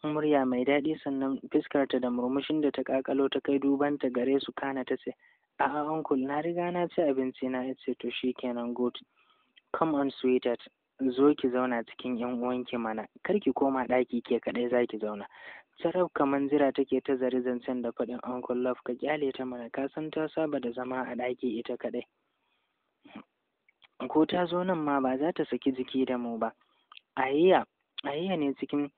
murya mai daɗi sannan fuskarta da murmushin da ta ƙaƙalo ta kai dubanta gare su kana ta ce a'a uncle na riga na ci abinci na ya ce to shikenan good come on sweetheart zo ki zauna cikin yan uwanki mana kar ki koma ɗaki ke kaɗai za ki zauna sarraf kaman zira take ta zari zancen da faɗin uncle love ka kyale ta mana ka san ta saba da zama a ɗaki ita kaɗai ko ta zo nan ma ba za ta saki jiki da mu ba ayiya ayiya ne cikin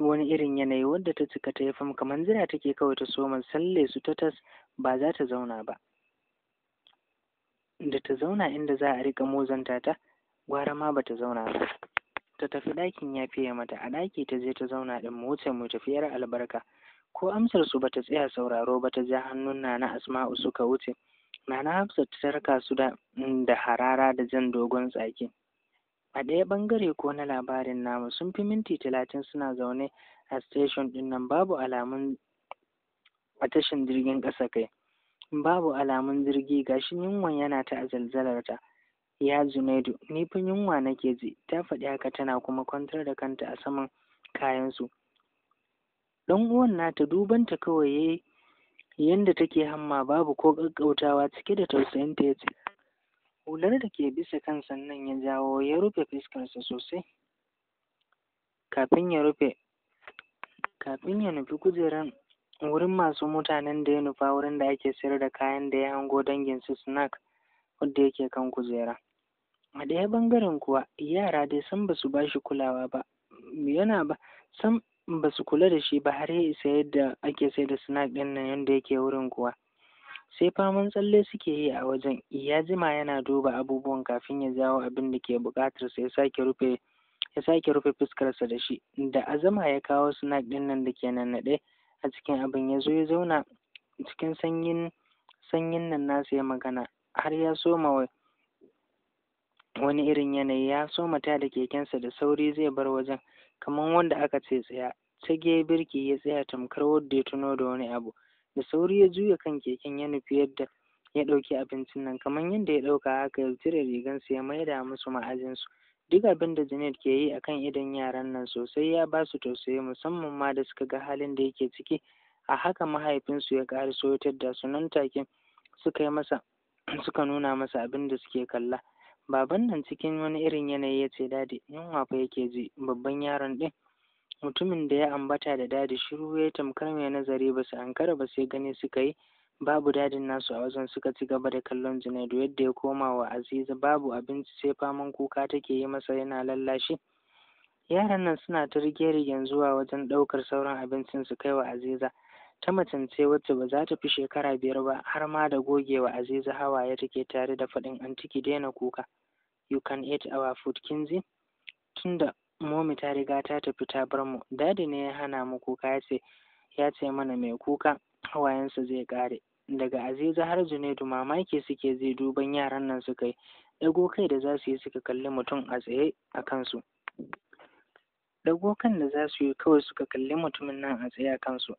wani irin yanayi wadda ta cika ta fam kamar zira take kawai ta soma salle su ta tas ba za ta zauna ba da ta zauna inda za a rika mozanta ta gwara ma ta zauna ba ta tafi ɗakin ya fiye mata a ɗaki ta je ta zauna ɗin mu wuce mu tafiyar albarka ko amsar su ta tsaya sauraro ba ta ja hannun nana asma'u suka wuce nana hafsat ta raka su da mm, da harara da jan dogon tsaki a ɗaya ɓangare ko na labarin namu sun fi minti talatin suna zaune a station ɗin nan babu alamun a tashin jirgin ƙasa kai babu alamun jirgi gashin yunwan yana ta a zalzalarta ya junaidu ni fa yunwa nake ji ta faɗi haka tana kuma kwantar da kanta a saman kayansu ɗan uwan nata dubanta kawai yayi yanda take hamma babu ko ƙaƙƙautawa cike da tausayinta ya ce hular da ke bisa kan sannan ya jawo ya rufe fuskarsa sosai kafin ya rufe kafin ya nufi kujeran wurin masu mutanen da ya nufa wurin da ake sayar da kayan da ya hango dangin su snack wanda yake kan kujera a ɗaya ɓangaren kuwa yara dai san ba su ba shi kulawa ba yana ba san ba su kula da shi ba har ya isa yadda ake sai da snack ɗin nan yadda yake wurin kuwa sai faman tsalle suke yi a wajen ya jima yana duba abubuwan kafin ya jawo abin da ke buƙatar sa ya sake rufe rufe fuskarsa da shi da azama ya kawo snack ɗin nan da ke nannaɗe a cikin abin ya zo ya zauna cikin sanyin nan nasa ya magana har ya soma wani irin yanayi ya so mata da kekensa da sauri zai bar wajen kamar wanda aka ce tsaya tage birki ya tsaya tamkar wadda ya tuno da wani abu da sauri ya juya kan keken ya nufi yadda ya ɗauki abincin nan kamar yadda ya ɗauka haka ya cire rigansa ya maida musu ma'ajinsu duk abin da Janet ke yi akan idon yaran nan sosai ya ba su tausayi musamman ma da suka ga halin da yake ciki a haka mahaifinsu ya ƙara soyatar da su nan take suka yi masa suka nuna masa abin da suke kalla Baban nan cikin wani irin yanayi ya ce dadi yunwa fa yake ji babban yaron ɗin. Mutumin da ya ambata da dadi shiru ya tamkar mai nazari ba su ankara ba sai gani suka yi babu dadin nasu a wajen suka ci gaba da kallon Junaidu yadda ya koma wa Aziza babu abinci sai faman kuka take yi masa yana lallashi. Yaran nan suna ta rige-rigen zuwa wajen ɗaukar sauran abincin su kai wa Aziza. ta macen wacce ba za ta fi shekara biyar ba har ma da gogewa Aziza hawaye take tare da faɗin 'An ciki daina kuka you can eat our food kin tunda momi ta riga ta tafi ta bar mu dadi ne ya hana mu kuka ya ce ya ce mana mai kuka hawayensa zai ƙare daga aziza har junaidu mamaki suke zai duban yaran nan suka yi ɗago kai da za su yi suka kalli mutum a tsaye a kansu ɗago kan da za su yi kawai suka kalli mutumin nan a tsaye a kansu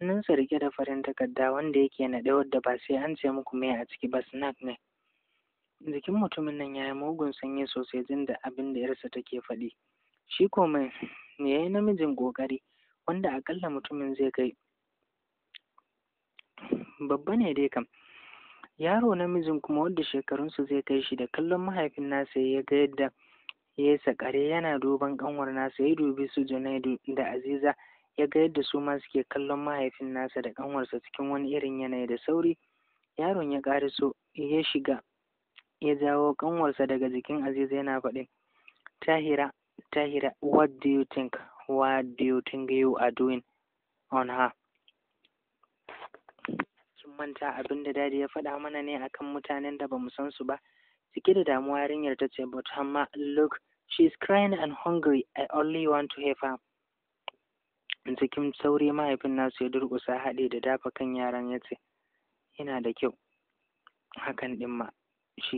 hannunsa rike da farin takarda wanda yake naɗe wadda ba sai an ce muku me a ciki ba snack ne jikin mutumin nan ya yi mugun sanyi sosai jin da abin da yarsa take faɗi shi ko mai ya yi namijin ƙoƙari wanda aƙalla mutumin zai kai babba ne dai kam yaro namijin kuma wadda shekarunsu zai kai shi da kallon mahaifin nasa ya ga yadda ya yi sakare yana duban ƙanwar nasa ya dubi su junaidu da aziza ya ga yadda su ma suke kallon mahaifin nasa da ƙanwarsa cikin wani irin yanayi da sauri yaron ya su ya shiga ya jawo ƙanwarsa daga jikin aziz yana faɗi, tahira tahira what do you think what do you think you are doing on her sun manta abin da dadi ya faɗa mana ne akan mutanen da ba mu san su ba cike da damuwa yarinyar ta ce but amma look she is crying and hungry i only want to have her cikin sauri mahaifin nasu ya durƙusa haɗe da dafa kan yaran ya ce yana da kyau hakan ɗin ma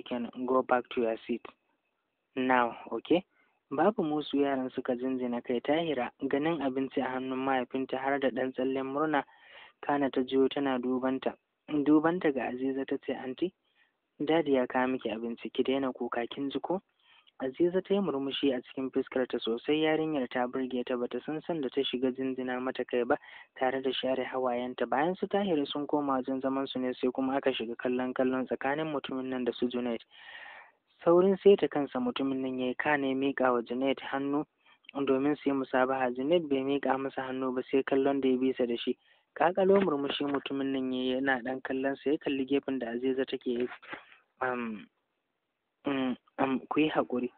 can go back to your seat now okay babu musu yaran suka jinjina kai tahira ganin abinci a hannun mahaifinta har da ɗan tsallen murna kana ta jiyo tana dubanta dubanta ga aziza ta ce anti dadi ya kawo miki abinci ki daina kuka kin ji ko Aziza ta yi murmushi a cikin fuskarta sosai yarinyar ta burge ta bata san san da ta shiga jinjina mata kai ba tare da share hawayenta bayan su tahiri sun koma wajen zaman su ne sai kuma aka shiga kallon kallon tsakanin mutumin nan da su Junaid saurin sai ta kansa mutumin nan yayi ka ne mika wa Junaid hannu domin su yi musabaha Junaid bai mika masa hannu ba sai kallon da ya bisa da shi kakalo murmushi mutumin nan yayi yana dan kallon sa ya kalli gefen da Aziza take um, um ku yi haƙuri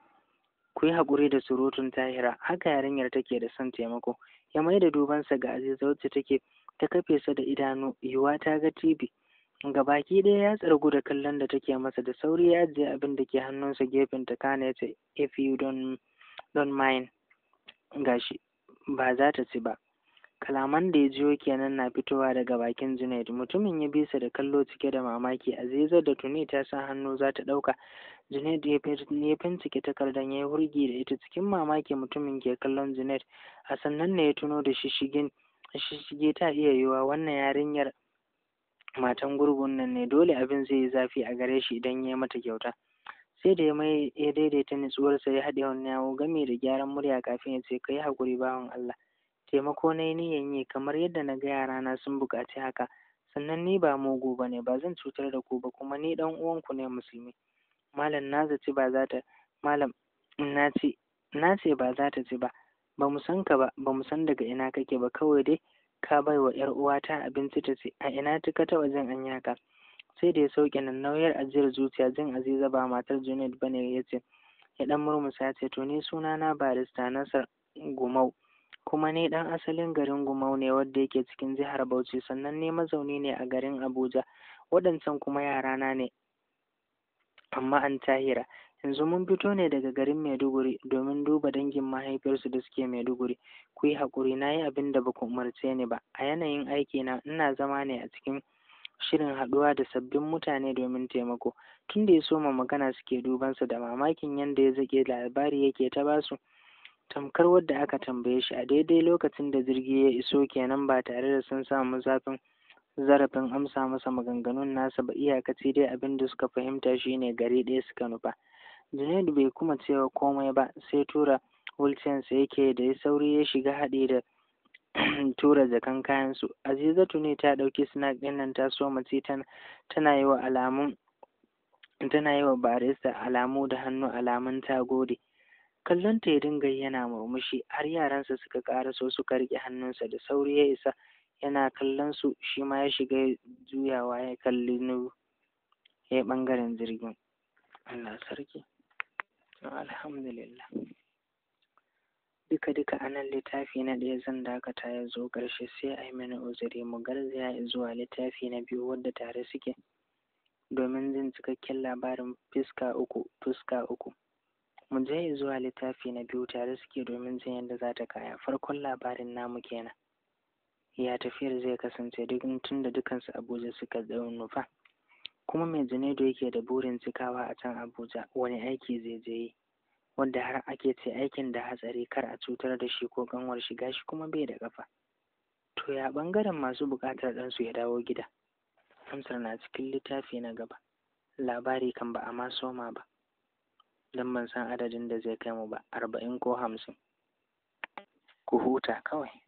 ku yi haƙuri da surutun tahira haka yarinyar take da son taimako ya mai da dubansa ga aziza wacce take ta kafe sa da idanu yiwa ta ga tv ga baki ɗaya ya tsargu da kallon da take masa da sauri ya ajiye abin da ke hannunsa gefen ta kana ya ce if you don mine mind gashi ba za ta ci ba Kalaman da ya jiyo kenan na fitowa daga bakin Junaid. Mutumin ya bisa da kallo cike da mamaki. Aziza da tuni ta sa hannu za ta ɗauka. Junaid ya fincike takardar ya hurgi da ita cikin mamaki mutumin ke kallon Junaid. A sannan ne ya tuno da shishigin shishige ta iya yiwa wannan yarinyar matan gurgun nan ne dole abin zai yi zafi a gare shi idan ya mata kyauta. sai da ya daidaita nutsuwarsa ya haɗe wani yawo game da gyaran murya kafin ya ce ka yi haƙuri bawan Allah taimako na yi yi kamar yadda na gaya rana sun buƙaci haka sannan ni ba mugu ba ne ba zan cutar da ku ba kuma ni ɗan uwanku ne musulmi malam na zaci ba za ta malam na ce na ba za ta ci ba ba mu san ka ba ba mu san daga ina kake ba kawai dai ka bai wa ‘yar uwata abinci ta ce a ina ta ka taɓa jin an yaka sai da ya sauke nan nauyar ajiyar zuciya jin aziza ba matar junaid ba ne ya ce ya ɗan murmusa ya ce to ni sunana barista nasar gumau kuma ne ɗan asalin garin Gumau ne wanda yake cikin jihar Bauchi sannan ne mazauni ne a garin Abuja waɗancan kuma yara na ne amma an tahira yanzu mun fito ne daga garin Maiduguri domin duba dangin mahaifiyarsu da suke Maiduguri ku yi haƙuri na yi abin da ba umarce ni ba a yanayin aiki na ina zama ne a cikin shirin haɗuwa da sabbin mutane domin taimako tun da ya soma magana suke dubansa da mamakin yadda ya zaƙe labari yake ta basu tamkar wadda aka tambaye shi a daidai lokacin da jirgi ya iso kenan ba tare da sun samu zafin zarafin amsa masa maganganun nasa ba iyakaci dai abin da suka fahimta shine gari ɗaya suka nufa Junaid bai kuma cewa komai ba sai tura wulcensa yake da ya sauri ya shiga haɗi da tura jakan kayansu azizatu ne ta ɗauki snack ɗin nan ta so mace tana yi wa tana yi wa barista alamu da hannu alamun ta gode kallon ta ya dinga yana murmushi har yaransa suka karaso suka rike hannunsa da sauri ya isa yana kallon su shi ma ya shiga juyawa ya kalli nu ya bangaren jirgin Allah sarki alhamdulillah duka duka anan littafi na ɗaya zan dakata ya zo ƙarshe sai a yi mini uzuri mu garzaya zuwa littafi na biyu wadda tare suke domin jin cikakken labarin fuska uku fuska uku mu je zuwa littafi na biyu tare suke domin jin yadda za ta kaya farkon labarin namu kenan ya tafiyar zai kasance duk tun da dukansu abuja suka nufa kuma mai junaido yake da burin cikawa a can abuja wani aiki zai je yi wanda har ake ce aikin da hatsari kar a cutar da shi ko kanwar shiga shi kuma bai da kafa to ya bangaren masu bukatar ɗansu ya dawo gida amsar na cikin littafi na gaba labari kan ba a ma soma ba don ban san adadin da zai kai mu ba arba'in ko hamsin ku huta kawai